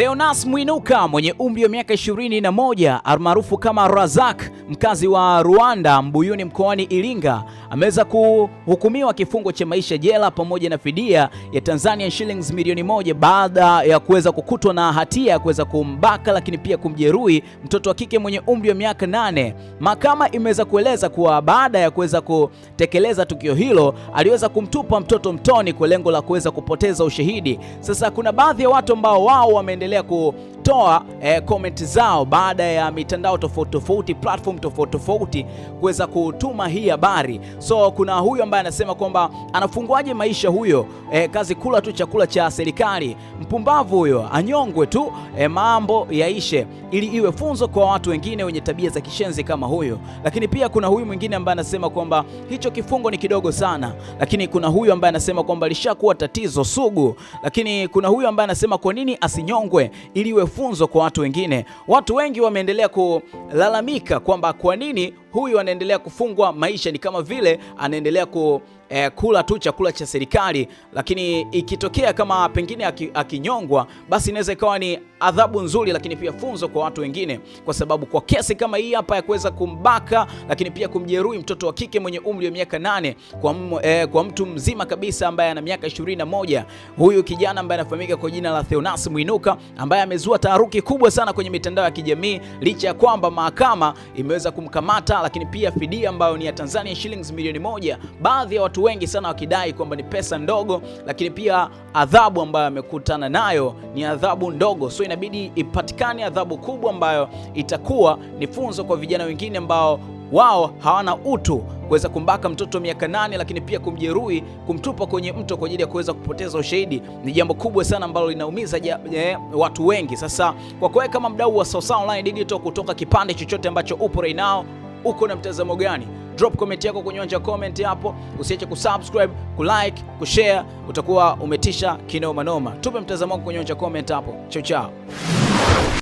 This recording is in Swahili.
Theonas Mwinuka mwenye umri wa miaka 21 almaarufu kama Razak, mkazi wa Rwanda Mbuyuni mkoani Iringa, ameweza kuhukumiwa kifungo cha maisha jela pamoja na fidia ya Tanzania shillings milioni moja baada ya kuweza kukutwa na hatia ya kuweza kumbaka lakini pia kumjeruhi mtoto wa kike mwenye umri wa miaka nane. Mahakama imeweza kueleza kuwa baada ya kuweza kutekeleza tukio hilo aliweza kumtupa mtoto mtoni kwa lengo la kuweza kupoteza ushahidi. Sasa kuna baadhi ya watu ambao wao wameendelea wanaendelea kutoa eh, comment zao baada ya mitandao tofauti tofauti, platform tofauti tofauti kuweza kutuma hii habari. So kuna huyu ambaye anasema kwamba anafunguaje maisha huyo, eh, kazi kula tu chakula cha serikali, mpumbavu huyo, anyongwe tu, eh, mambo yaishe ili iwe funzo kwa watu wengine wenye tabia za kishenzi kama huyo. Lakini pia kuna huyu mwingine ambaye anasema kwamba hicho kifungo ni kidogo sana, lakini kuna huyu ambaye anasema kwamba lishakuwa tatizo sugu, lakini kuna huyu ambaye anasema kwa nini asinyongwe mwenyewe ili iwe funzo kwa watu wengine. Watu wengi wameendelea kulalamika kwamba kwa nini huyu anaendelea kufungwa maisha, ni kama vile anaendelea ku eh, kula tu chakula cha serikali, lakini ikitokea kama pengine akinyongwa, basi inaweza ikawa ni adhabu nzuri, lakini pia funzo kwa watu wengine, kwa sababu kwa kesi kama hii hapa ya kuweza kumbaka, lakini pia kumjeruhi mtoto wa kike mwenye umri wa miaka nane kwa, m, eh, kwa mtu mzima kabisa ambaye ana miaka 21, huyu kijana ambaye anafahamika kwa jina la Theonas Mwinuka ambaye amezua taharuki kubwa sana kwenye mitandao ya kijamii licha ya kwamba mahakama imeweza kumkamata, lakini pia fidia ambayo ni ya Tanzania shillings milioni moja. Baadhi ya watu watu wengi sana wakidai kwamba ni pesa ndogo, lakini pia adhabu ambayo amekutana nayo ni adhabu ndogo. So inabidi ipatikane adhabu kubwa ambayo itakuwa ni funzo kwa vijana wengine ambao wao hawana utu kuweza kumbaka mtoto miaka nane, lakini pia kumjeruhi, kumtupa kwenye mto kwa ajili ya kuweza kupoteza ushahidi ni jambo kubwa sana ambalo linaumiza ja, eh, watu wengi. Sasa kwako kama mdau wa Sawasawa Online Digital, kutoka kipande chochote ambacho upo right now, uko na mtazamo gani? drop comment yako kunyonja comment hapo, usiache kusubscribe, kulike, kushare, utakuwa umetisha kinoma noma. Tupe mtazamo wako kunyonja comment hapo. Chao chao.